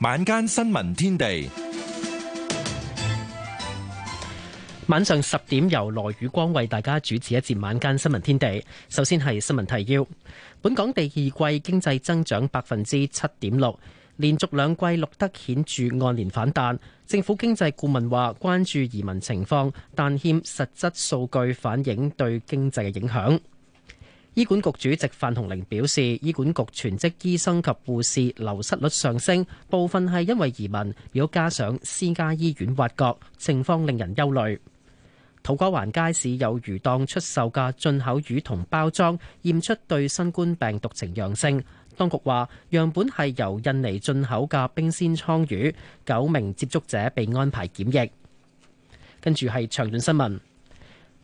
晚間新聞天地，晚上十點由羅宇光為大家主持一節晚間新聞天地。首先係新聞提要：本港第二季經濟增長百分之七點六，連續兩季錄得顯著按年反彈。政府經濟顧問話，關注移民情況，但欠實質數據反映對經濟嘅影響。醫管局主席範洪玲表示，醫管局全職醫生及護士流失率上升，部分係因為移民，如果加上私家醫院挖角，情況令人憂慮。土瓜灣街市有魚檔出售嘅進口魚同包裝，驗出對新冠病毒呈陽性。當局話樣本係由印尼進口嘅冰鮮倉魚，九名接觸者被安排檢疫。跟住係長短新聞。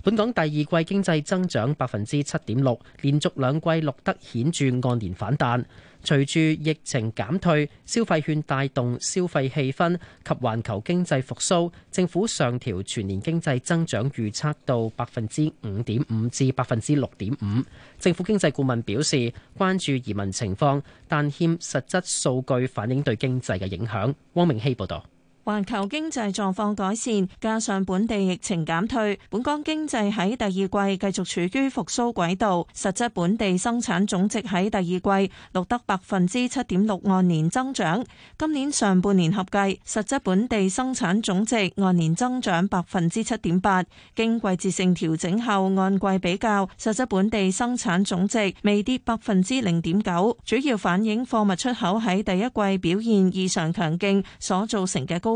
本港第二季經濟增長百分之七點六，連續兩季錄得顯著按年反彈。隨住疫情減退、消費券帶動消費氣氛及環球經濟復甦，政府上調全年經濟增長預測到百分之五點五至百分之六點五。政府經濟顧問表示，關注移民情況，但欠實質數據反映對經濟嘅影響。汪明希報道。環球經濟狀況改善，加上本地疫情減退，本港經濟喺第二季繼續處於復甦軌道。實質本地生產總值喺第二季錄得百分之七點六按年增長。今年上半年合計，實質本地生產總值按年增長百分之七點八。經季節性調整後，按季比較，實質本地生產總值未跌百分之零點九，主要反映貨物出口喺第一季表現異常強勁，所造成嘅高。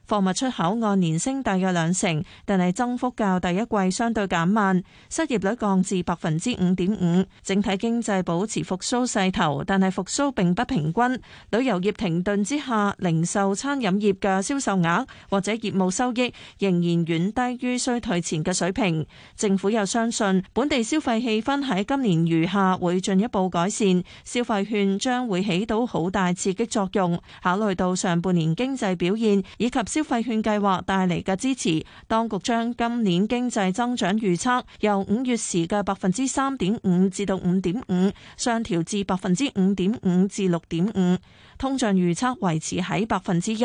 貨物出口按年升大約兩成，但係增幅較第一季相對減慢。失業率降至百分之五點五，整體經濟保持復蘇勢頭，但係復蘇並不平均。旅遊業停頓之下，零售餐飲業嘅銷售額或者業務收益仍然遠低於衰退前嘅水平。政府又相信本地消費氣氛喺今年餘下會進一步改善，消費券將會起到好大刺激作用。考慮到上半年經濟表現以及消消費券計劃帶嚟嘅支持，當局將今年經濟增長預測由五月時嘅百分之三點五至到五點五上調至百分之五點五至六點五。通脹預測維持喺百分之一。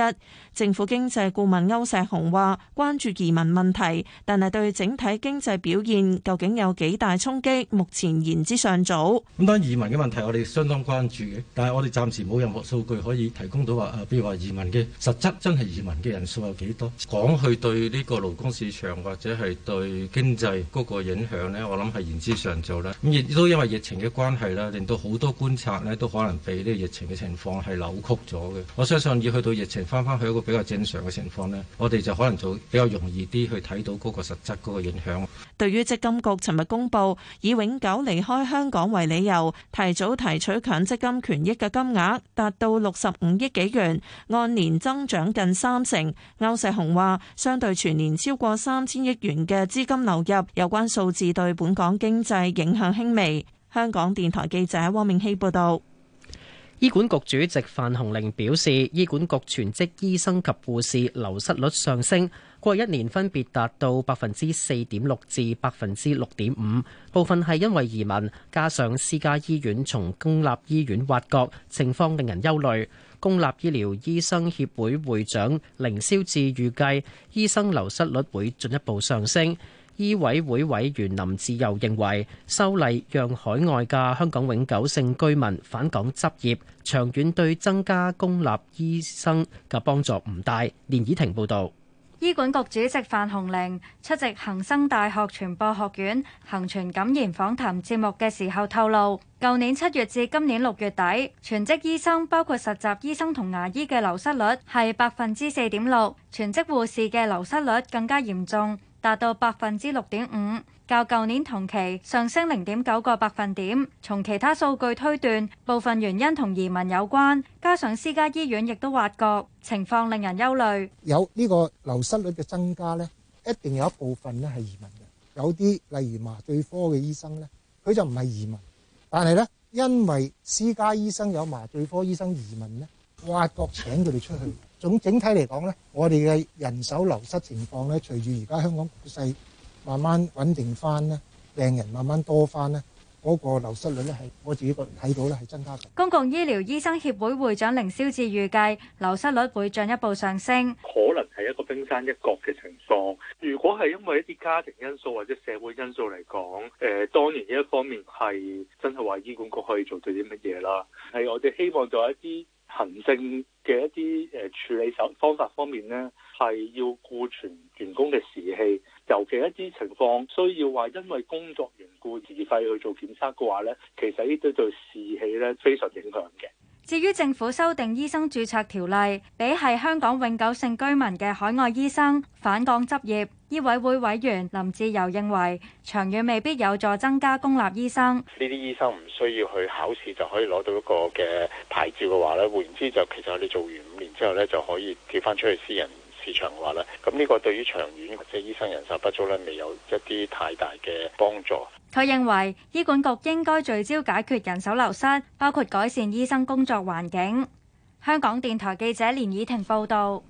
政府經濟顧問歐錫熊話，關注移民問題，但係對整體經濟表現究竟有幾大衝擊，目前言之尚早。咁當移民嘅問題，我哋相當關注嘅，但係我哋暫時冇任何數據可以提供到話，誒，譬如話移民嘅實質真係移民嘅人數有幾多？講去對呢個勞工市場或者係對經濟嗰個影響呢，我諗係言之尚早啦。咁亦都因為疫情嘅關係啦，令到好多觀察咧都可能被呢個疫情嘅情況係扭曲咗嘅，我相信要去到疫情翻翻去一個比較正常嘅情況咧，我哋就可能就比較容易啲去睇到嗰個實質嗰個影響。對於積金局尋日公布以永久離開香港為理由提早提取強積金權益嘅金額達到六十五億幾元，按年增長近三成。歐世雄話：相對全年超過三千億元嘅資金流入，有關數字對本港經濟影響輕微。香港電台記者汪明熙報道。醫管局主席范鴻齡表示，醫管局全職醫生及護士流失率上升，過一年分別達到百分之四點六至百分之六點五，部分係因為移民，加上私家醫院從公立醫院挖角，情況令人憂慮。公立醫療醫生協會會長凌霄志預計，醫生流失率會進一步上升。醫委會委員林志佑認為，修例讓海外嘅香港永久性居民返港執業，長遠對增加公立醫生嘅幫助唔大。連綺婷報道，醫管局主席范鴻齡出席恒生大學傳播學院恒傳感言訪談節目嘅時候透露，舊年七月至今年六月底，全職醫生包括實習醫生同牙醫嘅流失率係百分之四點六，全職護士嘅流失率更加嚴重。達到百分之六點五，較舊年同期上升零點九個百分點。從其他數據推斷，部分原因同移民有關，加上私家醫院亦都挖角，情況令人憂慮。有呢個流失率嘅增加呢，一定有一部分呢係移民嘅。有啲例如麻醉科嘅醫生呢，佢就唔係移民，但係呢，因為私家醫生有麻醉科醫生移民呢，挖角請佢哋出去。總整體嚟講咧，我哋嘅人手流失情況咧，隨住而家香港局勢慢慢穩定翻咧，病人慢慢多翻咧，嗰、那個流失率咧係我自己個人睇到咧係增加嘅。公共醫療醫生協會會長凌霄志預計流失率會進一步上升，可能係一個冰山一角嘅情況。如果係因為一啲家庭因素或者社會因素嚟講，誒、呃、當然呢一方面係真係話醫管局可以做到啲乜嘢啦，係我哋希望做一啲。行政嘅一啲誒處理手方法方面呢，係要顧全員工嘅士氣，尤其一啲情況需要話因為工作緣故自費去做檢測嘅話呢，其實呢啲對士氣呢非常影響嘅。至於政府修訂醫生註冊條例，俾係香港永久性居民嘅海外醫生返港執業，醫委會委員林志柔認為，長遠未必有助增加公立醫生。呢啲醫生唔需要去考試就可以攞到一個嘅牌照嘅話咧，換言之就其實我哋做完五年之後咧就可以跳翻出去私人市場嘅話咧，咁呢個對於長遠或者醫生人手不足咧，未有一啲太大嘅幫助。佢認為醫管局應該聚焦解決人手流失，包括改善醫生工作環境。香港電台記者連以婷報導，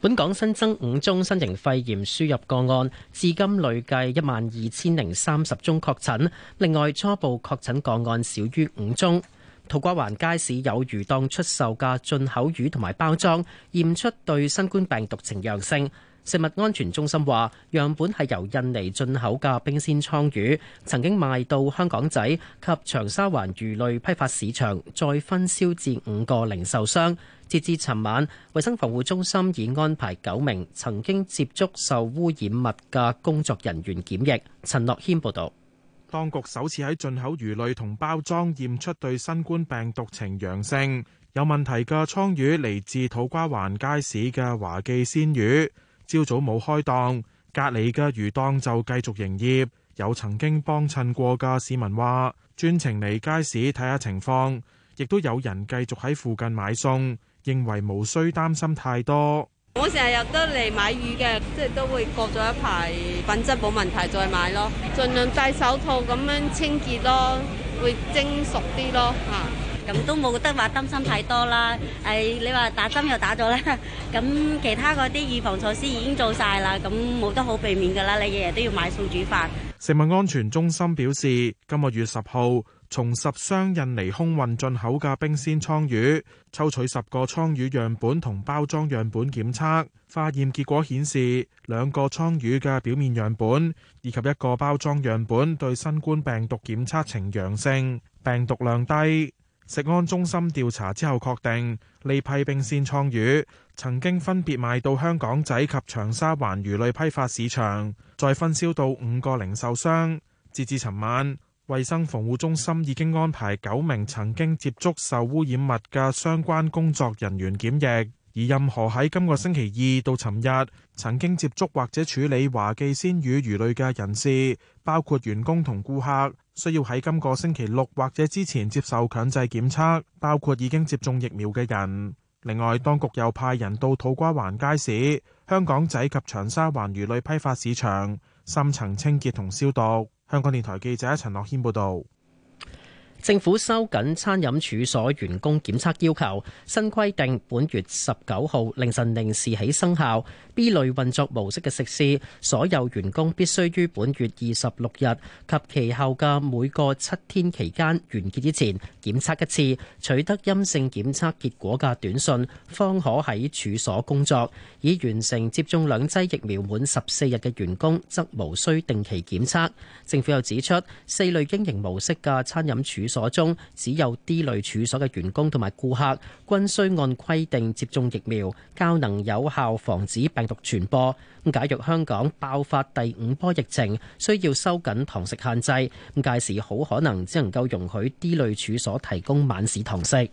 本港新增五宗新型肺炎輸入個案，至今累計一萬二千零三十宗確診，另外初步確診個案少於五宗。土瓜灣街市有魚檔出售嘅進口魚同埋包裝，驗出對新冠病毒呈陽性。食物安全中心話，樣本係由印尼進口嘅冰鮮倉魚，曾經賣到香港仔及長沙灣魚類批發市場，再分銷至五個零售商。截至尋晚，衛生防護中心已安排九名曾經接觸受污染物嘅工作人員檢疫。陳樂謙報道。當局首次喺進口魚類同包裝驗出對新冠病毒呈陽性，有問題嘅倉魚嚟自土瓜灣街市嘅華記鮮魚。朝早冇開檔，隔籬嘅魚檔就繼續營業。有曾經幫襯過嘅市民話，專程嚟街市睇下情況，亦都有人繼續喺附近買餸，認為無需擔心太多。我成日入得嚟買魚嘅，即係都會過咗一排，品質冇問題再買咯。盡量戴手套咁樣清潔咯，會蒸熟啲咯吓。咁都冇得話擔心太多啦。誒、哎，你話打針又打咗啦，咁其他嗰啲預防措施已經做晒啦，咁冇得好避免㗎啦。你日日都要買餸煮飯。食物安全中心表示，今個月十號從十箱印尼空運進口嘅冰鮮倉魚，抽取十個倉魚樣本同包裝樣本檢測。化驗結果顯示，兩個倉魚嘅表面樣本以及一個包裝樣本對新冠病毒檢測呈陽性，病毒量低。食安中心調查之後確定，利批並線倉魚曾經分別賣到香港仔及長沙灣魚類批發市場，再分銷到五個零售商。截至尋晚，衛生防護中心已經安排九名曾經接觸受污染物嘅相關工作人員檢疫。而任何喺今個星期二到尋日曾經接觸或者處理華記鮮魚魚類嘅人士，包括員工同顧客，需要喺今個星期六或者之前接受強制檢測，包括已經接種疫苗嘅人。另外，當局又派人到土瓜灣街市、香港仔及長沙灣魚類批發市場深層清潔同消毒。香港電台記者陳樂謙報道。政府收緊餐飲處所員工檢測要求，新規定本月十九號凌晨零時起生效。B 類運作模式嘅食肆，所有員工必須於本月二十六日及其後嘅每個七天期間完結之前檢測一次，取得陰性檢測結果嘅短信，方可喺處所工作。已完成接種兩劑疫苗滿十四日嘅員工則無需定期檢測。政府又指出，四類經營模式嘅餐飲處所中只有 D 類處所嘅員工同埋顧客均需按規定接種疫苗，較能有效防止病毒傳播。咁假若香港爆發第五波疫情，需要收緊堂食限制，咁屆時好可能只能夠容許 D 類處所提供晚市堂食。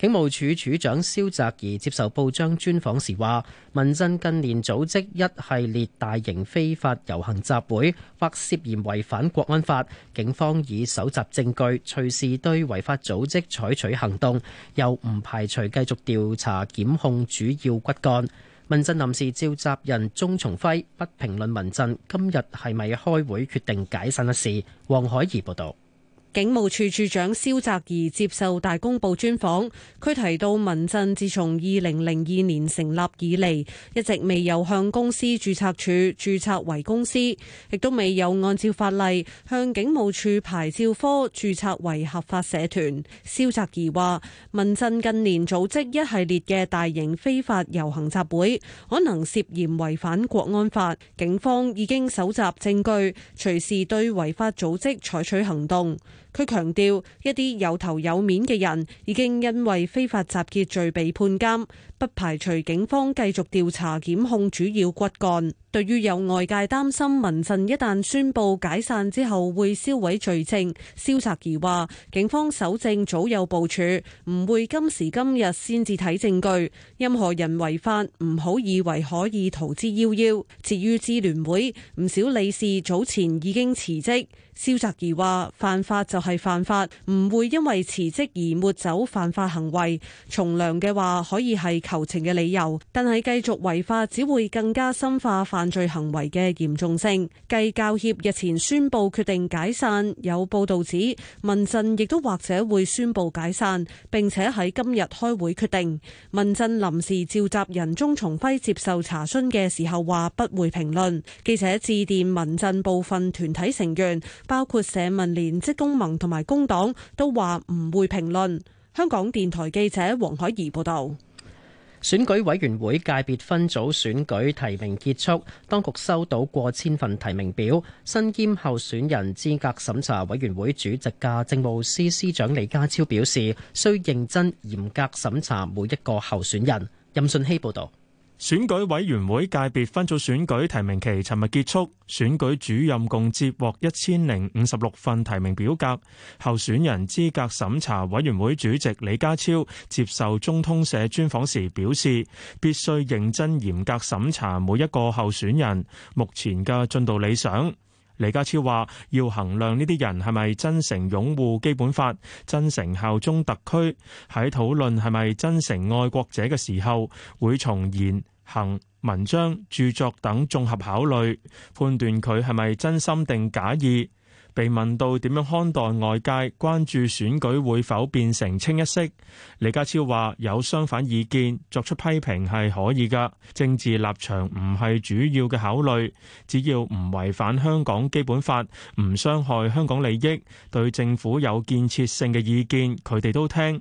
警務處處長蕭澤頤接受報章專訪時話，民陣近年組織一系列大型非法遊行集會，或涉嫌違反國安法，警方已搜集證據，隨時對違法組織採取行動，又唔排除繼續調查檢控主要骨幹。民陣臨時召集人鍾松輝不評論民陣今日係咪開會決定解散一事。黃海怡報道。警務處處長蕭澤頤接受大公報專訪，佢提到民陣自從二零零二年成立以嚟，一直未有向公司注冊處注冊為公司，亦都未有按照法例向警務處牌照科注冊為合法社團。蕭澤頤話，民陣近年組織一系列嘅大型非法遊行集會，可能涉嫌違反國安法，警方已經搜集證據，隨時對違法組織採取行動。佢強調，一啲有頭有面嘅人已經因為非法集結罪被判監，不排除警方繼續調查檢控主要骨幹。對於有外界擔心民陣一旦宣布解散之後會銷毀罪證，蕭澤頤話：警方搜證早有部署，唔會今時今日先至睇證據。任何人違法，唔好以為可以逃之夭夭。至於支聯會，唔少理事早前已經辭職。蕭澤頤話：犯法就係犯法，唔會因為辭職而抹走犯法行為。從良嘅話可以係求情嘅理由，但係繼續違法只會更加深化犯犯罪行為嘅嚴重性，繼教協日前宣布決定解散。有報道指，民陣亦都或者會宣布解散，並且喺今日開會決定。民陣臨時召集人鍾松輝接受查詢嘅時候話，不會評論。記者致電民陣部分團體成員，包括社民連、職工盟同埋工黨，都話唔會評論。香港電台記者黃海怡報道。選舉委員會界別分組選舉提名結束，當局收到過千份提名表。身兼候選人資格審查委員會主席嘅政務司司長李家超表示，需認真、嚴格審查每一個候選人。任信希報導。選舉委員會界別分組選舉提名期尋日結束，選舉主任共接獲一千零五十六份提名表格。候選人資格審查委員會主席李家超接受中通社專訪時表示，必須認真嚴格審查每一個候選人，目前嘅進度理想。李家超話：要衡量呢啲人係咪真誠擁護基本法、真誠效忠特區，喺討論係咪真誠愛國者嘅時候，會從嚴。行文章著作等綜合考慮判斷佢係咪真心定假意。被問到點樣看待外界關注選舉會否變成清一色，李家超話有相反意見作出批評係可以噶。政治立場唔係主要嘅考慮，只要唔違反香港基本法，唔傷害香港利益，對政府有建設性嘅意見，佢哋都聽。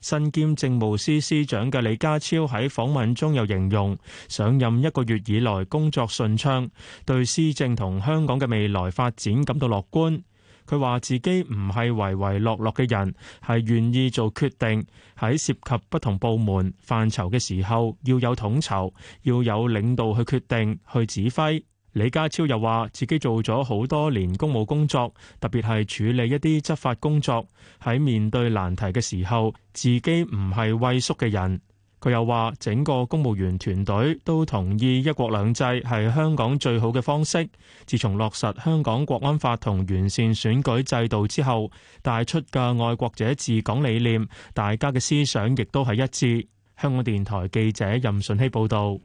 身兼政務司司長嘅李家超喺訪問中又形容，上任一個月以來工作順暢，對施政同香港嘅未來發展感到樂觀。佢話自己唔係唯唯諾諾嘅人，係願意做決定，喺涉及不同部門範疇嘅時候要有統籌，要有領導去決定去指揮。李家超又話自己做咗好多年公務工作，特別係處理一啲執法工作。喺面對難題嘅時候，自己唔係畏縮嘅人。佢又話整個公務員團隊都同意一國兩制係香港最好嘅方式。自從落實香港國安法同完善選舉制度之後，帶出嘅愛國者治港理念，大家嘅思想亦都係一致。香港電台記者任順希報道。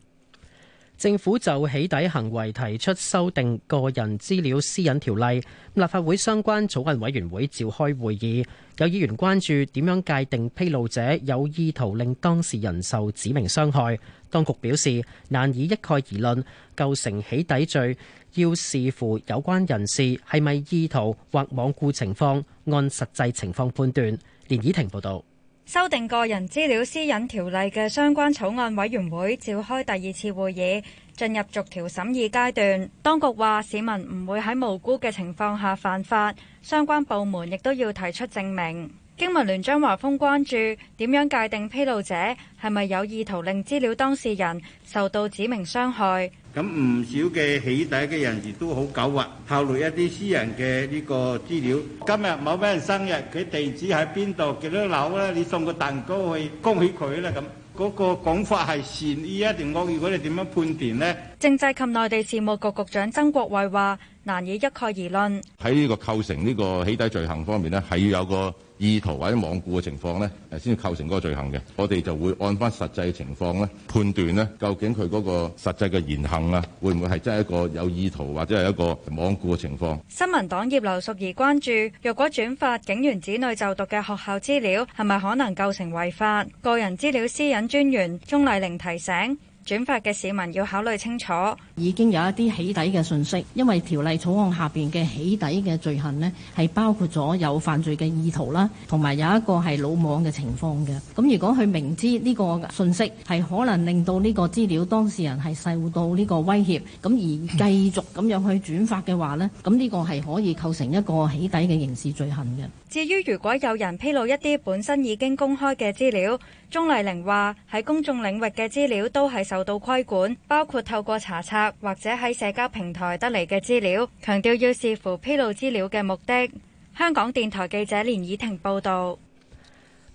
政府就起底行為提出修訂個人資料私隱條例，立法會相關組委員會召開會議，有議員關注點樣界定披露者有意圖令當事人受指明傷害。當局表示難以一概而論，構成起底罪，要視乎有關人士係咪意圖或罔顧情況，按實際情況判斷。連倚婷報道。修訂個人資料私隱條例嘅相關草案委員會召開第二次會議，進入逐條審議階段。當局話市民唔會喺無辜嘅情況下犯法，相關部門亦都要提出證明。經文聯張華峰關注，點樣界定披露者係咪有意圖令資料當事人受到指明傷害？咁唔少嘅起底嘅人士都好狡猾，透露一啲私人嘅呢個資料。今日某咩人生日，佢地址喺邊度，幾多樓咧？你送個蛋糕去，恭喜佢咧，咁嗰個講法係善意啊，定惡如果你點樣判斷咧？政制及內地事務局局長曾國衛話難以一概而論，喺呢個構成呢個起底罪行方面咧，係要有個。意圖或者罔顧嘅情況呢，誒先至構成嗰個罪行嘅，我哋就會按返實際情況咧，判斷呢，究竟佢嗰個實際嘅言行啊，會唔會係真係一個有意圖或者係一個罔顧嘅情況？新民黨葉劉淑儀關注，若果轉發警員子女就讀嘅學校資料，係咪可能構成違法？個人資料私隱專員鍾麗玲提醒。轉發嘅市民要考慮清楚，已經有一啲起底嘅信息。因為條例草案下面嘅起底嘅罪行呢，係包括咗有犯罪嘅意圖啦，同埋有一個係魯莽嘅情況嘅。咁如果佢明知呢個信息係可能令到呢個資料當事人係受到呢個威脅，咁而繼續咁樣去轉發嘅話呢，咁呢個係可以構成一個起底嘅刑事罪行嘅。至於如果有人披露一啲本身已經公開嘅資料，鍾麗玲話喺公眾領域嘅資料都係受到規管，包括透過查冊或者喺社交平台得嚟嘅資料。強調要視乎披露資料嘅目的。香港電台記者連以婷報道：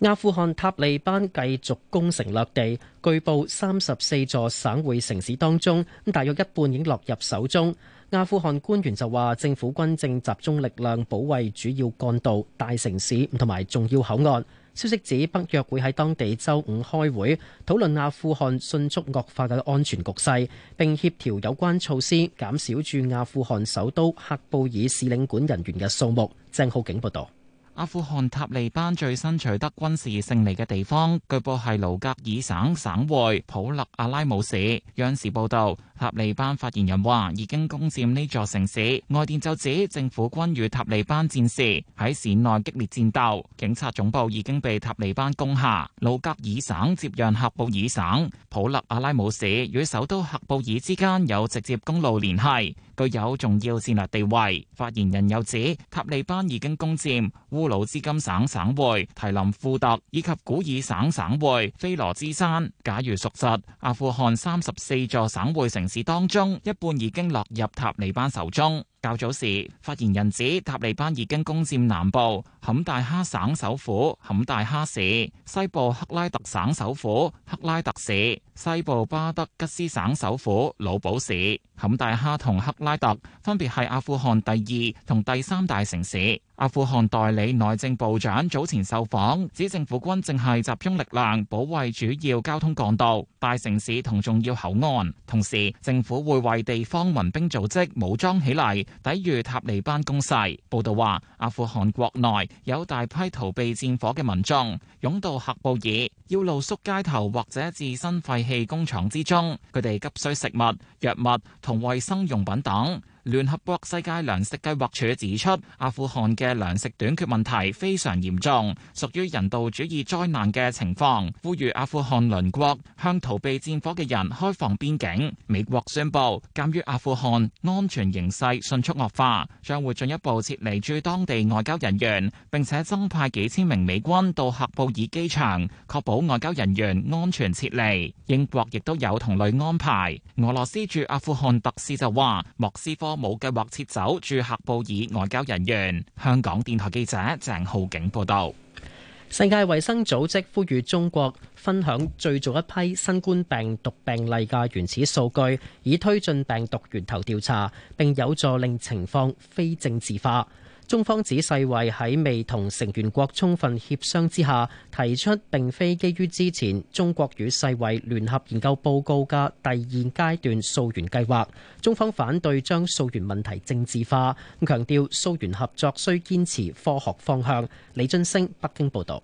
阿富汗塔利班繼續攻城略地，據報三十四座省會城市當中，大約一半已經落入手中。阿富汗官員就話，政府軍正集中力量保衛主要幹道、大城市同埋重要口岸。消息指，北約會喺當地周五開會討論阿富汗迅速惡化嘅安全局勢，並協調有關措施，減少駐阿富汗首都喀布爾使領館人員嘅數目。鄭浩景報導。阿富汗塔利班最新取得軍事勝利嘅地方，據報係盧格爾省省會普勒阿拉姆市。央視報道，塔利班發言人話已經攻佔呢座城市。外電就指政府軍與塔利班戰士喺市內激烈戰鬥，警察總部已經被塔利班攻下。盧格爾省接壤喀布爾省，普勒阿拉姆市與首都喀布爾之間有直接公路聯繫。具有重要戰略地位。發言人又指，塔利班已經攻占烏魯茲金省省會提林富特以及古爾省省會菲羅茲山。假如屬實，阿富汗三十四座省會城市當中，一半已經落入塔利班手中。較早時，發言人指塔利班已經攻占南部坎大哈省首府坎大哈市、西部克拉特省首府克拉特市、西部巴德吉斯省首府魯堡市。坎大哈同克拉特分別係阿富汗第二同第三大城市。阿富汗代理內政部長早前受訪，指政府軍正係集中力量保衛主要交通幹道、大城市同重要口岸，同時政府會為地方民兵組織武裝起嚟，抵禦塔利班攻勢。報道話，阿富汗國內有大批逃避戰火嘅民眾湧到喀布爾，要露宿街頭或者置身廢棄工廠之中，佢哋急需食物、藥物同衛生用品等。聯合國世界糧食計劃署指出，阿富汗嘅糧食短缺問題非常嚴重，屬於人道主義災難嘅情況，呼籲阿富汗鄰國向逃避戰火嘅人開放邊境。美國宣布，鑒於阿富汗安全形勢迅速惡化，將會進一步撤離駐當地外交人員，並且增派幾千名美軍到喀布爾機場，確保外交人員安全撤離。英國亦都有同類安排。俄羅斯駐阿富汗特使就話莫斯科，冇計劃撤走駐喀布爾外交人員。香港電台記者鄭浩景報道。世界衛生組織呼籲中國分享最早一批新冠病毒病例嘅原始數據，以推進病毒源頭調查，並有助令情況非政治化。中方指世衛喺未同成員國充分協商之下提出，並非基於之前中國與世衛聯合研究報告嘅第二階段溯源計劃。中方反對將溯源問題政治化，強調溯源合作需堅持科學方向。李俊升北京報道。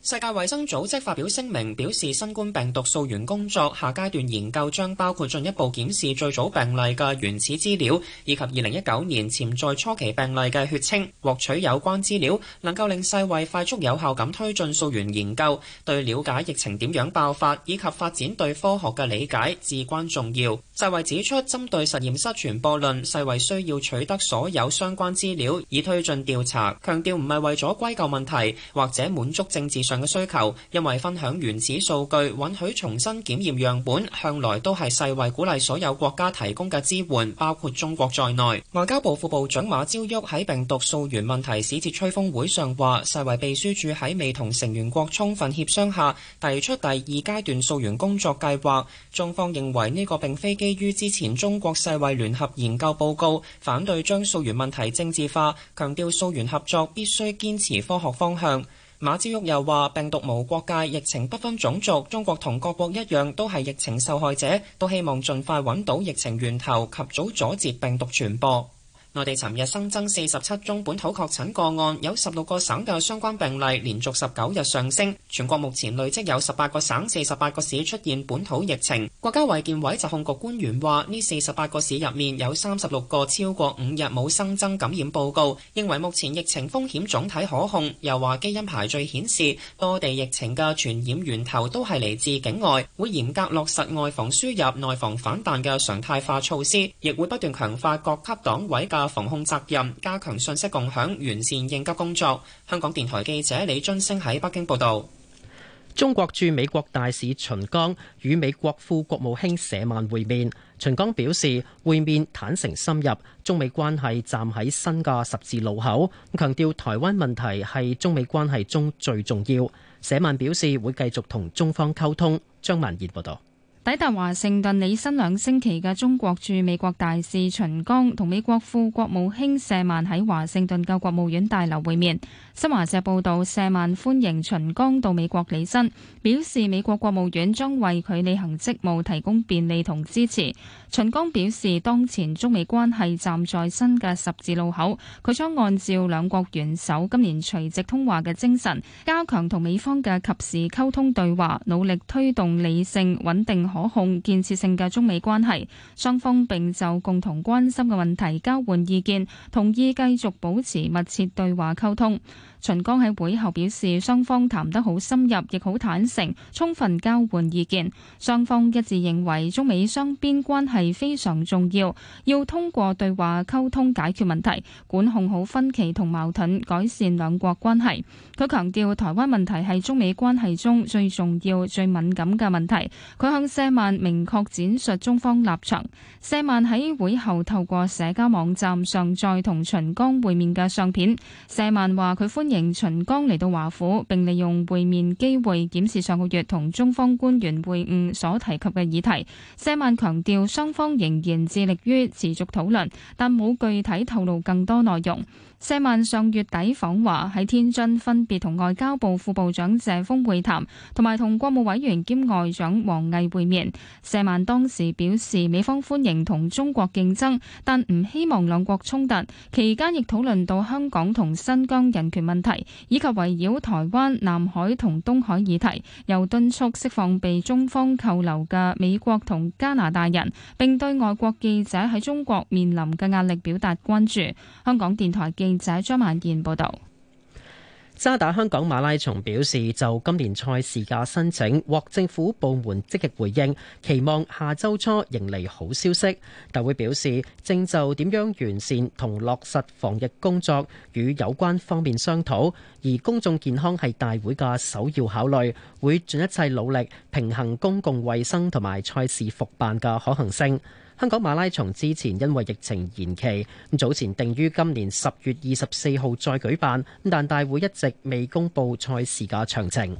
世界衛生組織發表聲明表示，新冠病毒溯源工作下階段研究將包括進一步檢視最早病例嘅原始資料，以及二零一九年潛在初期病例嘅血清，獲取有關資料能夠令世衛快速有效咁推進溯源研究，對了解疫情點樣爆發以及發展對科學嘅理解至關重要。世衛指出，針對實驗室傳播論，世衛需要取得所有相關資料以推進調查，強調唔係為咗歸咎問題或者滿足政治上嘅需求，因為分享原始數據允許重新檢驗樣本，向來都係世衛鼓勵所有國家提供嘅支援，包括中國在內。外交部副部長馬朝旭喺病毒溯源問題使節吹風會上話，世衛秘書處喺未同成員國充分協商下，提出第二階段溯源工作計劃。中方認為呢個並非基於之前中國世衛聯合研究報告，反對將溯源問題政治化，強調溯源合作必須堅持科學方向。馬朝旭又話：病毒無國界，疫情不分種族，中國同各國一樣都係疫情受害者，都希望盡快揾到疫情源頭，及早阻截病毒傳播。內地尋日新增四十七宗本土確診個案，有十六個省嘅相關病例連續十九日上升。全國目前累積有十八個省、四十八個市出現本土疫情。國家衛健委疾控局官員話：呢四十八個市入面有三十六個超過五日冇新增感染報告，認為目前疫情風險總體可控。又話基因排序顯示，多地疫情嘅傳染源頭都係嚟自境外，會嚴格落實外防輸入、內防反彈嘅常態化措施，亦會不斷強化各級黨委防控責任加強信息共享，完善應急工作。香港電台記者李津升喺北京報道。中國駐美國大使秦剛與美國副國務卿舍曼會面。秦剛表示，會面坦誠深入，中美關係站喺新嘅十字路口。強調台灣問題係中美關係中最重要。舍曼表示會繼續同中方溝通。張文傑報道。抵達華盛頓履新兩星期嘅中國駐美國大使秦剛同美國副國務卿舍曼喺華盛頓嘅國務院大樓會面。新華社報道，舍曼歡迎秦剛到美國履新，表示美國國務院將為佢履行職務提供便利同支持。秦剛表示，當前中美關係站在新嘅十字路口，佢將按照兩國元首今年除夕通話嘅精神，加強同美方嘅及時溝通對話，努力推動理性、穩定可控建設性嘅中美關係，雙方並就共同關心嘅問題交換意見，同意繼續保持密切對話溝通。秦剛喺會後表示，雙方談得好深入，亦好坦誠，充分交換意見，雙方一致認為中美雙邊關係非常重要，要通過對話溝通解決問題，管控好分歧同矛盾，改善兩國關係，佢強調台灣問題係中美關係中最重要、最敏感嘅問題，佢向謝曼明確展述中方立場，謝曼喺會後透過社交網站上載同秦剛會面嘅相片。謝曼話佢歡。迎秦剛嚟到華府，並利用會面機會檢視上個月同中方官員會晤所提及嘅議題。謝曼強調，雙方仍然致力於持續討論，但冇具體透露更多內容。舍曼上月底訪華喺天津，分別同外交部副部長謝鋒會談，同埋同國務委員兼外長王毅會面。舍曼當時表示，美方歡迎同中國競爭，但唔希望兩國衝突。期間亦討論到香港同新疆人權問題，以及圍繞台灣、南海同東海議題，又敦促釋放被中方扣留嘅美國同加拿大人，並對外國記者喺中國面臨嘅壓力表達關注。香港電台記。記者張萬健報道，渣打香港馬拉松表示就今年賽事嘅申請獲政府部門積極回應，期望下周初迎嚟好消息。大會表示正就點樣完善同落實防疫工作與有關方面商討，而公眾健康係大會嘅首要考慮，會盡一切努力平衡公共衛生同埋賽事復辦嘅可行性。香港馬拉松之前因為疫情延期，早前定於今年十月二十四號再舉辦，但大會一直未公布賽事嘅詳情。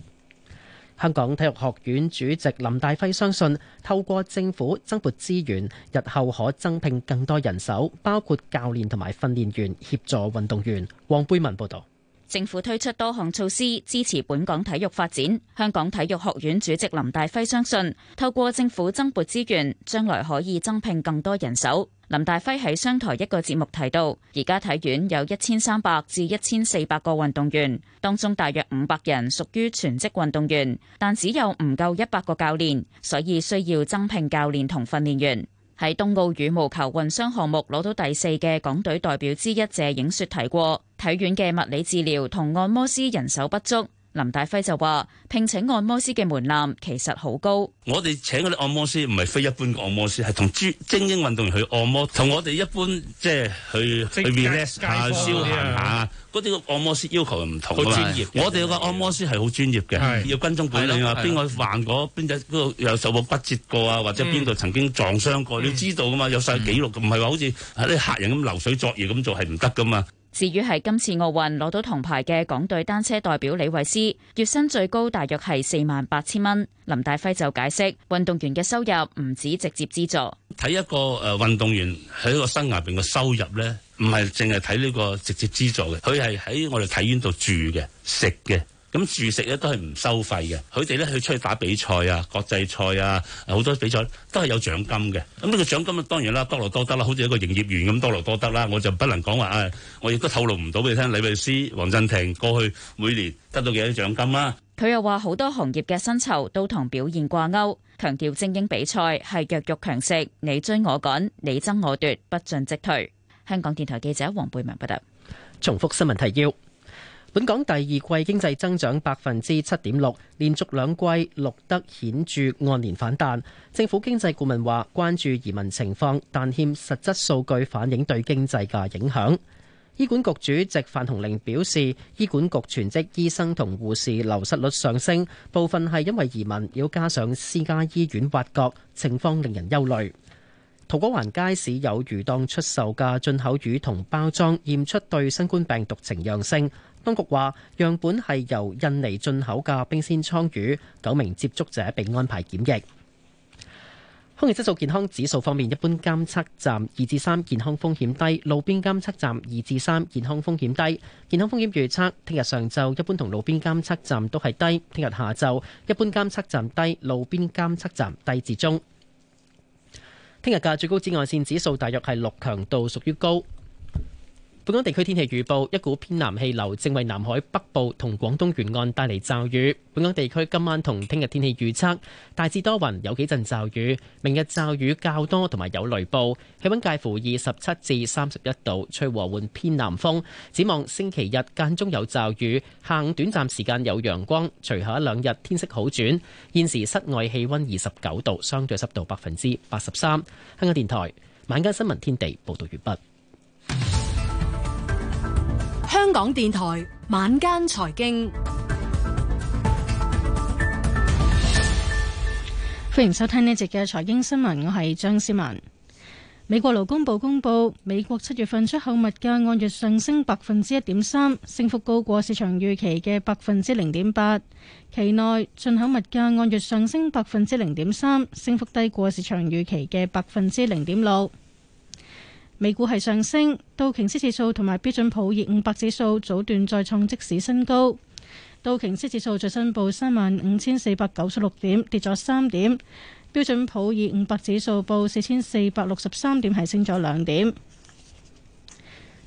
香港體育學院主席林大輝相信，透過政府增撥資源，日後可增聘更多人手，包括教練同埋訓練員協助運動員。黃貝文報導。政府推出多項措施支持本港體育發展。香港體育學院主席林大輝相信，透過政府增撥資源，將來可以增聘更多人手。林大輝喺商台一個節目提到，而家體院有一千三百至一千四百個運動員，當中大約五百人屬於全職運動員，但只有唔夠一百個教練，所以需要增聘教練同訓練員。喺東奧羽毛球混雙項目攞到第四嘅港隊代表之一謝影雪提過，體院嘅物理治療同按摩師人手不足。林大輝就話聘請按摩師嘅門檻其實好高，我哋請嗰啲按摩師唔係非一般嘅按摩師，係同精精英運動員去按摩，同我哋一般即係去去 relax 啊、消閑啊，嗰啲個按摩師要求又唔同啦。是我哋個按摩師係好專業嘅，是要跟蹤管理啊，邊個患過，邊個有受過骨折過啊，或者邊度曾經撞傷過，你知道噶嘛？有晒記錄，唔係話好似啲客人咁流水作業咁做係唔得噶嘛。至於係今次奧運攞到銅牌嘅港隊單車代表李慧詩，月薪最高大約係四萬八千蚊。林大輝就解釋，運動員嘅收入唔止直接資助。睇一個誒運動員喺個生涯入邊嘅收入呢，唔係淨係睇呢個直接資助嘅，佢係喺我哋體院度住嘅、食嘅。咁住食咧都係唔收費嘅，佢哋咧去出去打比賽啊、國際賽啊，好多比賽都係有獎金嘅。咁、那、呢個獎金啊，當然啦，多勞多得啦，好似一個營業員咁多勞多得啦。我就不能講話啊，我亦都透露唔到俾你聽。李維斯、黃振庭過去每年得到幾多獎金啦，啊？佢又話好多行業嘅薪酬都同表現掛鈎，強調精英比賽係弱肉強食，你追我趕，你爭我奪，不進即退。香港電台記者黃貝文報道。重複新聞提要。本港第二季經濟增長百分之七點六，連續兩季錄得顯著按年反彈。政府經濟顧問話，關注移民情況，但欠實質數據反映對經濟嘅影響。醫管局主席范鴻齡表示，醫管局全職醫生同護士流失率上升，部分係因為移民，要加上私家醫院挖角，情況令人憂慮。土瓜灣街市有魚檔出售嘅進口魚同包裝，驗出對新冠病毒呈陽性。當局話樣本係由印尼進口嘅冰鮮倉魚，九名接觸者被安排檢疫。空氣質素健康指數方面，一般監測站二至三，健康風險低；路邊監測站二至三，健康風險低。健康風險預測：聽日上晝一般同路邊監測站都係低；聽日下晝一般監測站低，路邊監測站低至中。聽日嘅最高紫外線指數大約係六，強度屬於高。本港地區天氣預報：一股偏南氣流正為南海北部同廣東沿岸帶嚟驟雨。本港地區今晚同聽日天氣預測大致多雲，有幾陣驟雨。明日驟雨較多，同埋有雷暴。氣溫介乎二十七至三十一度，吹和緩偏南風。展望，星期日間中有驟雨，下午短暫時間有陽光。隨後一兩日天色好轉。現時室外氣溫二十九度，相對濕度百分之八十三。香港電台《晚間新聞天地》報道完畢。香港電台晚間財經，歡迎收聽呢集嘅財經新聞，我係張思文。美國勞工部公布，公布，美國七月份出口物價按月上升百分之一點三，升幅高過市場預期嘅百分之零點八；期內進口物價按月上升百分之零點三，升幅低過市場預期嘅百分之零點六。美股係上升，道瓊斯指數同埋標準普爾五百指數早段再創即市新高。道瓊斯指數最新報三萬五千四百九十六點，跌咗三點；標準普爾五百指數報四千四百六十三點，係升咗兩點。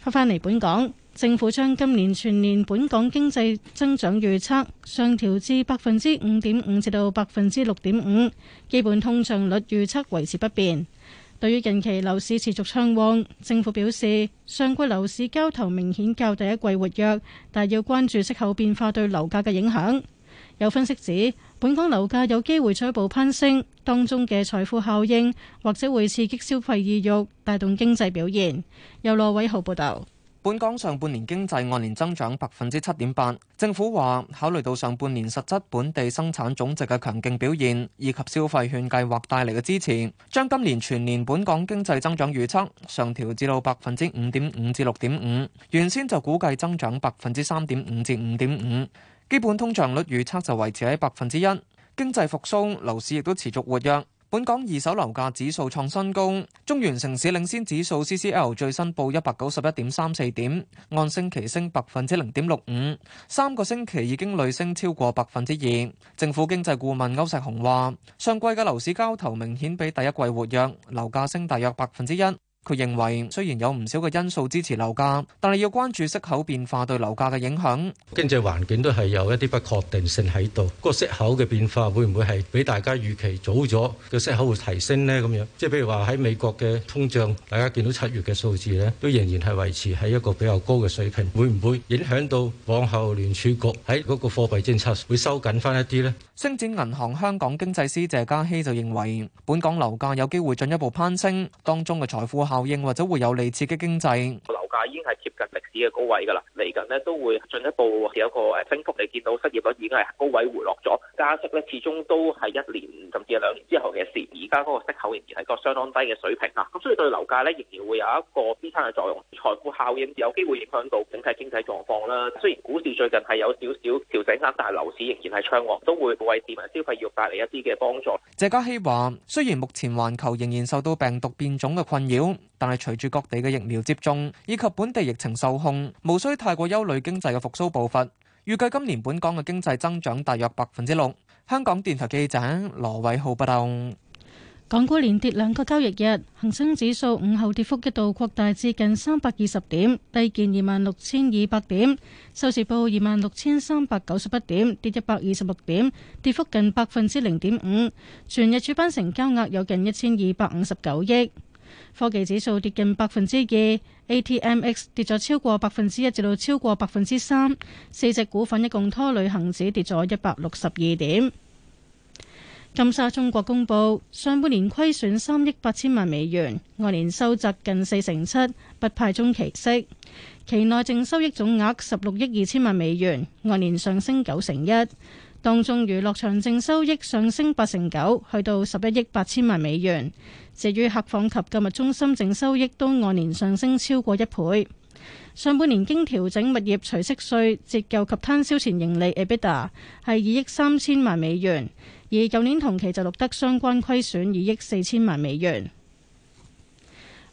翻返嚟本港，政府將今年全年本港經濟增長預測上調至百分之五點五至到百分之六點五，基本通脹率預測維持不變。對於近期樓市持續暢旺，政府表示上季樓市交投明顯較第一季活躍，但要關注息口變化對樓價嘅影響。有分析指，本港樓價有機會進一步攀升，當中嘅財富效應或者會刺激消費意欲，帶動經濟表現。由羅偉豪報導。本港上半年經濟按年增長百分之七點八，政府話考慮到上半年實質本地生產總值嘅強勁表現，以及消費券計劃帶嚟嘅支持，將今年全年本港經濟增長預測上調至到百分之五點五至六點五，原先就估計增長百分之三點五至五點五，基本通脹率預測就維持喺百分之一。經濟復甦，樓市亦都持續活躍。本港二手樓價指數創新高，中原城市領先指數 （CCL） 最新報一百九十一點三四點，按星期升百分之零點六五，三個星期已經累升超過百分之二。政府經濟顧問歐石雄話，上季嘅樓市交投明顯比第一季活躍，樓價升大約百分之一。佢認為雖然有唔少嘅因素支持樓價，但係要關注息口變化對樓價嘅影響。經濟環境都係有一啲不確定性喺度，個息口嘅變化會唔會係比大家預期早咗嘅息口會提升呢？咁樣即係譬如話喺美國嘅通脹，大家見到七月嘅數字呢，都仍然係維持喺一個比較高嘅水平，會唔會影響到往後聯儲局喺嗰個貨幣政策會收緊翻一啲呢？星展銀行香港經濟師謝嘉熙就認為，本港樓價有機會進一步攀升，當中嘅財富。效應或者會有利刺激經濟。價已經係接近歷史嘅高位㗎啦，嚟緊呢，都會進一步有一個誒升幅嚟見到失業率已經係高位回落咗，加息咧始終都係一年甚至兩年之後嘅事，而家嗰個息口仍然係個相當低嘅水平啊，咁所以對樓價咧仍然會有一個支撐嘅作用，財富效應有機會影響到整體經濟狀況啦。雖然股市最近係有少少調整啦，但係樓市仍然係暢旺，都會為市民消費慾帶嚟一啲嘅幫助。謝家希話：雖然目前環球仍然受到病毒變種嘅困擾。但係，隨住各地嘅疫苗接種以及本地疫情受控，無需太過憂慮經濟嘅復甦步伐。預計今年本港嘅經濟增長大約百分之六。香港電台記者羅偉浩報道。港股連跌兩個交易日，恒生指數午後跌幅一度擴大至近三百二十點，低見二萬六千二百點，收市報二萬六千三百九十七點，跌一百二十六點，跌幅近百分之零點五。全日主板成交額有近一千二百五十九億。科技指數跌近百分之二，ATMX 跌咗超過百分之一直到超過百分之三，四隻股份一共拖累恒指跌咗一百六十二點。金沙中國公布上半年虧損三億八千萬美元，按年收窄近四成七，不派中期息，期內淨收益總額十六億二千萬美元，按年上升九成一，當中娛樂場淨收益上升八成九，去到十一億八千萬美元。至於客房及購物中心淨收益都按年上升超過一倍，上半年經調整物業除息稅折舊及攤銷前盈利 EBITDA 係二億三千萬美元，而舊年同期就錄得相關虧損二億四千萬美元。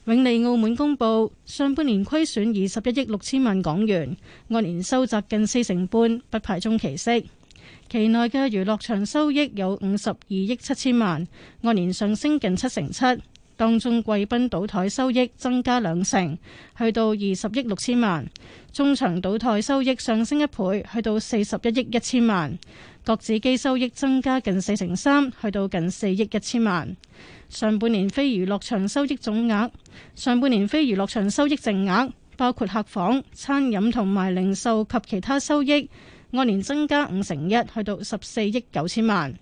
永利澳門公布上半年虧損二十一億六千萬港元，按年收窄近四成半，不派中期息。其內嘅娛樂場收益有五十二億七千萬，按年上升近七成七。當中貴賓賭台收益增加兩成，去到二十億六千萬。中場賭台收益上升一倍，去到四十一億一千萬。角子機收益增加近四成三，去到近四億一千萬。上半年非娛樂場收益總額，上半年非娛樂場收益淨額，包括客房、餐飲同埋零售及其他收益。按年增加五成一，去到十四億九千萬，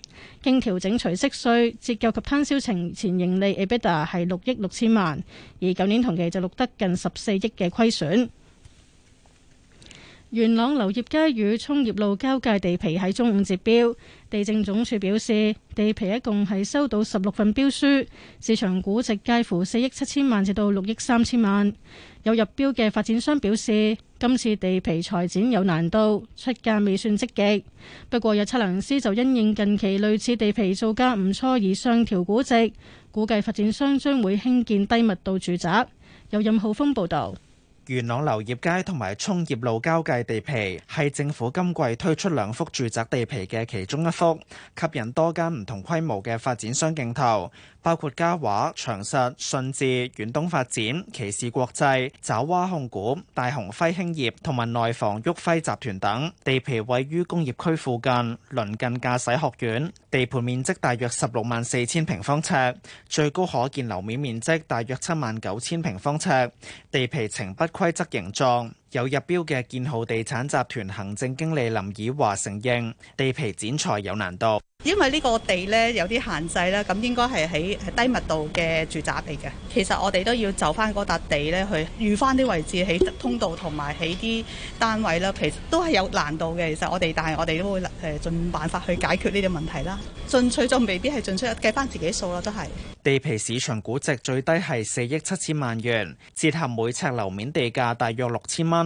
經調整除息稅折舊及攤銷前盈利 EBITDA 係六億六千萬，而舊年同期就錄得近十四億嘅虧損。元朗流業街與涌業路交界地皮喺中午截標，地政總署表示地皮一共係收到十六份標書，市場估值介乎四億七千萬至到六億三千萬。有入標嘅發展商表示。今次地皮裁剪有難度，出價未算積極。不過有測量師就因應近期類似地皮造價唔錯而上調估值，估計發展商將會興建低密度住宅。有任浩峰報導。元朗劉業街同埋聰業路交界地皮係政府今季推出兩幅住宅地皮嘅其中一幅，吸引多間唔同規模嘅發展商競投。包括嘉華、長實、信置、遠東發展、其士國際、爪哇控股、大鴻輝興業同埋內房旭輝集團等。地皮位於工業區附近，鄰近駕駛學院，地盤面積大約十六萬四千平方尺，最高可建樓面面積大約七萬九千平方尺，地皮呈不規則形狀。有入標嘅建豪地產集團行政經理林以華承認，地皮剪裁有難度，因為呢個地呢，有啲限制啦，咁應該係喺低密度嘅住宅地嘅。其實我哋都要就翻嗰笪地呢，去預翻啲位置喺通道同埋喺啲單位啦，其實都係有難度嘅。其實我哋但係我哋都會誒盡辦法去解決呢啲問題啦，進取就未必係進取，計翻自己數啦，都係地皮市場估值最低係四億七千萬元，折合每尺樓面地價大約六千蚊。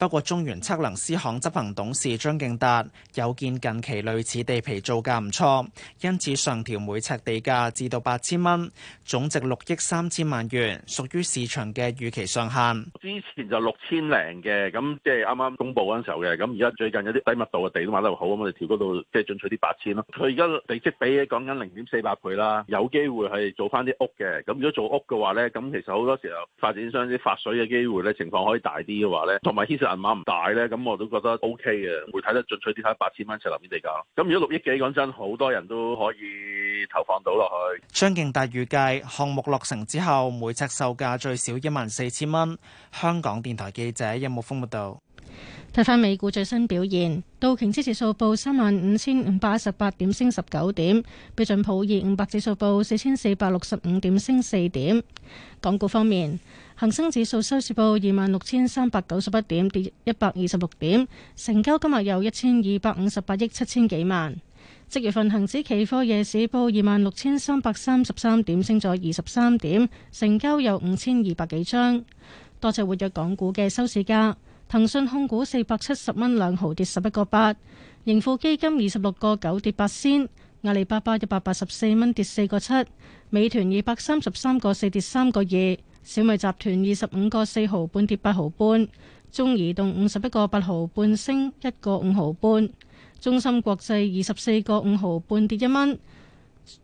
不過，中原測量師行執行董事張敬達有見近期類似地皮造價唔錯，因此上調每呎地價至到八千蚊，總值六億三千萬元，屬於市場嘅預期上限。之前就六千零嘅，咁即係啱啱公布嗰陣時候嘅，咁而家最近有啲低密度嘅地都買得好，咁我哋調高到即係進取啲八千咯。佢而家地積比講緊零點四八倍啦，有機會係做翻啲屋嘅。咁如果做屋嘅話咧，咁其實好多時候發展商啲發水嘅機會咧，情況可以大啲嘅話咧，同埋唔大咧，咁我都覺得 O K 嘅，會睇得進取啲，睇八千蚊尺樓面地價。咁如果六億幾講真，好多人都可以投放到落去。張敬達預計項目落成之後，每尺售價最少一萬四千蚊。香港電台記者任木峯報道。睇翻美股最新表現，道瓊斯指數報三萬五千五百八十八點，升十九點；標準普爾五百指數報四千四百六十五點，升四點。港股方面，恒生指數收市報二萬六千三百九十一點，跌一百二十六點，成交金額有一千二百五十八億七千幾萬。即月份恒指期貨夜市報二萬六千三百三十三點，升咗二十三點，成交有五千二百幾張。多謝活躍港股嘅收市價。騰訊控股四百七十蚊兩毫跌十一個八，盈富基金二十六個九跌八仙，阿里巴巴一百八十四蚊跌四個七，美團二百三十三個四跌三個二，小米集團二十五個四毫半跌八毫半，中移動五十一個八毫半升一個五毫半，中芯國際二十四個五毫半跌一蚊。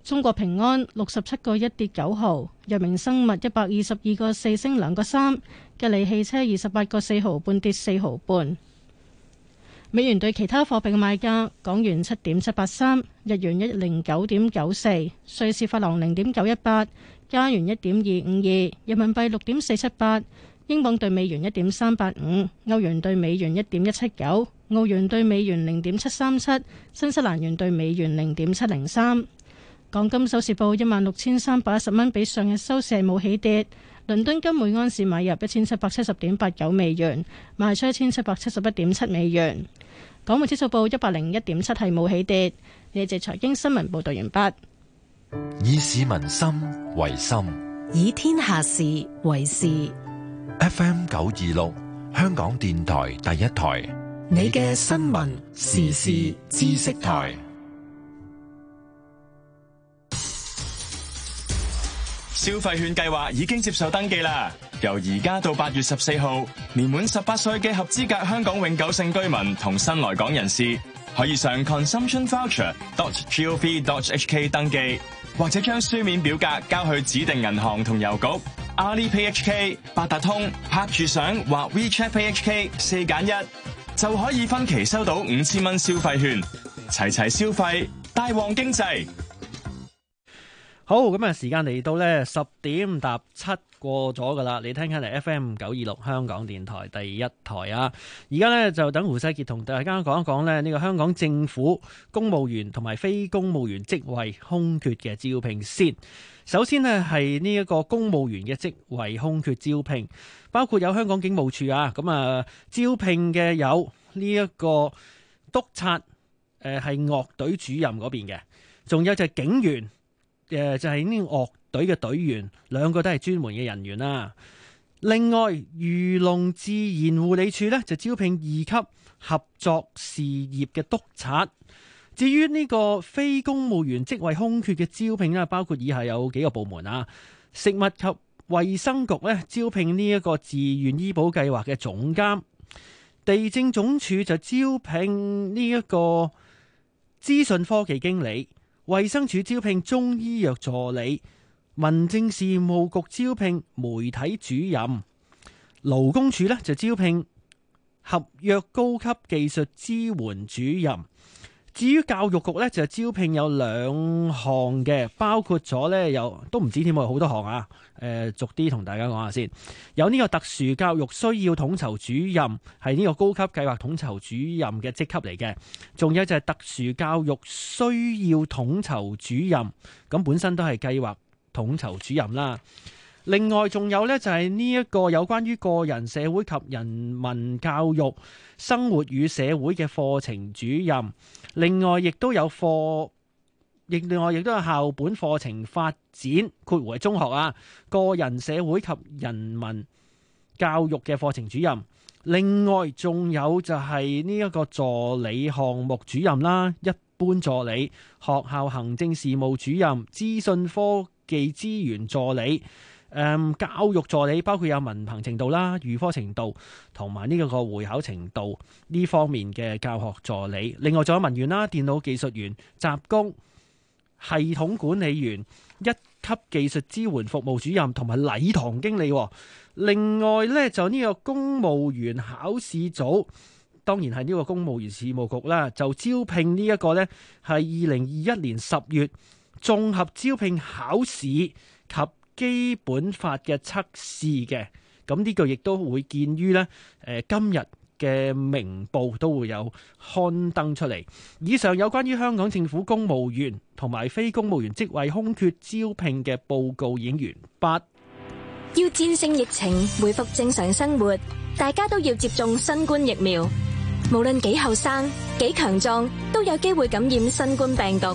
中國平安六十七個一跌九毫，藥明生物一百二十二個四升兩個三，吉利汽車二十八個四毫半跌四毫半。美元對其他貨幣嘅賣價：港元七點七八三，日元一零九點九四，瑞士法郎零點九一八，加元一點二五二，人民幣六點四七八，英鎊兌美元一點三八五，歐元兌美元一點一七九，澳元兌美元零點七三七，新西蘭元兌美元零點七零三。港金收市報一萬六千三百一十蚊，比上日收市係冇起跌。倫敦金每安士買入一千七百七十點八九美元，賣出一千七百七十一點七美元。港匯指數報一百零一點七，係冇起跌。呢則財經新聞報道完畢。以市民心為心，以天下事為事。F M 九二六，香港電台第一台，你嘅新聞時事知識台。消費券計劃已經接受登記啦！由而家到八月十四號，年滿十八歲嘅合資格香港永久性居民同新來港人士，可以上 consumptionvoucher.gov.hk 登記，或者將書面表格交去指定銀行同郵局，阿里 PayHK 八達通拍住相或 WeChat PayHK 四揀一，1，就可以分期收到五千蚊消費券，齊齊消費，大旺經濟。好咁啊，時間嚟到呢，十點搭七過咗噶啦。你聽緊嚟 F M 九二六香港電臺第一台啊。而家呢，就等胡世杰同大家講一講呢，呢個香港政府公務員同埋非公務員職位空缺嘅招聘先。首先呢，係呢一個公務員嘅職位空缺招聘，包括有香港警務處啊。咁啊，招聘嘅有呢一個督察誒，係樂隊主任嗰邊嘅，仲有就係警員。誒，就係呢個樂隊嘅隊員，兩個都係專門嘅人員啦。另外，漁農自然護理署呢，就招聘二級合作事業嘅督察。至於呢個非公務員職位空缺嘅招聘咧，包括以下有幾個部門啊。食物及衛生局咧，招聘呢一個自願醫保計劃嘅總監。地政總署就招聘呢一個資訊科技經理。衛生署招聘中醫藥助理，民政事務局招聘媒體主任，勞工處呢就招聘合約高級技術支援主任。至於教育局咧，就係招聘有兩項嘅，包括咗咧、啊呃，有都唔知添，會好多項啊！誒，逐啲同大家講下先。有呢個特殊教育需要統籌主任，係呢個高級計劃統籌主任嘅職級嚟嘅。仲有就係特殊教育需要統籌主任，咁本身都係計劃統籌主任啦。另外仲有咧，就係呢一個有關於個人、社會及人民教育、生活與社會嘅課程主任。另外，亦都有課，另外亦都有校本課程發展，括弧係中學啊，個人社會及人文教育嘅課程主任。另外，仲有就係呢一個助理項目主任啦，一般助理、學校行政事務主任、資訊科技資源助理。誒，教育助理包括有文憑程度啦、預科程度同埋呢個個會考程度呢方面嘅教學助理。另外仲有文員啦、電腦技術員、雜工、系統管理員、一級技術支援服務主任同埋禮堂經理。另外呢，就呢個公務員考試組，當然係呢個公務員事務局啦。就招聘呢一個呢，係二零二一年十月綜合招聘考試及。基本法嘅測試嘅，咁、這、呢個亦都會見於呢。誒、呃，今日嘅明報都會有刊登出嚟。以上有關於香港政府公務員同埋非公務員職位空缺招聘嘅報告演完。八要戰勝疫情，恢復正常生活，大家都要接種新冠疫苗。無論幾後生幾強壯，都有機會感染新冠病毒。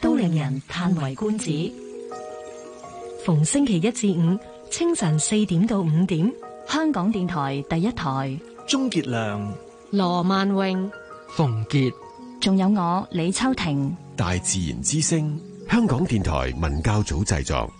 都令人嘆為觀止。逢星期一至五，清晨四點到五點，香港電台第一台。鍾杰亮、羅萬榮、馮杰，仲有我李秋婷。大自然之聲，香港電台文教組製作。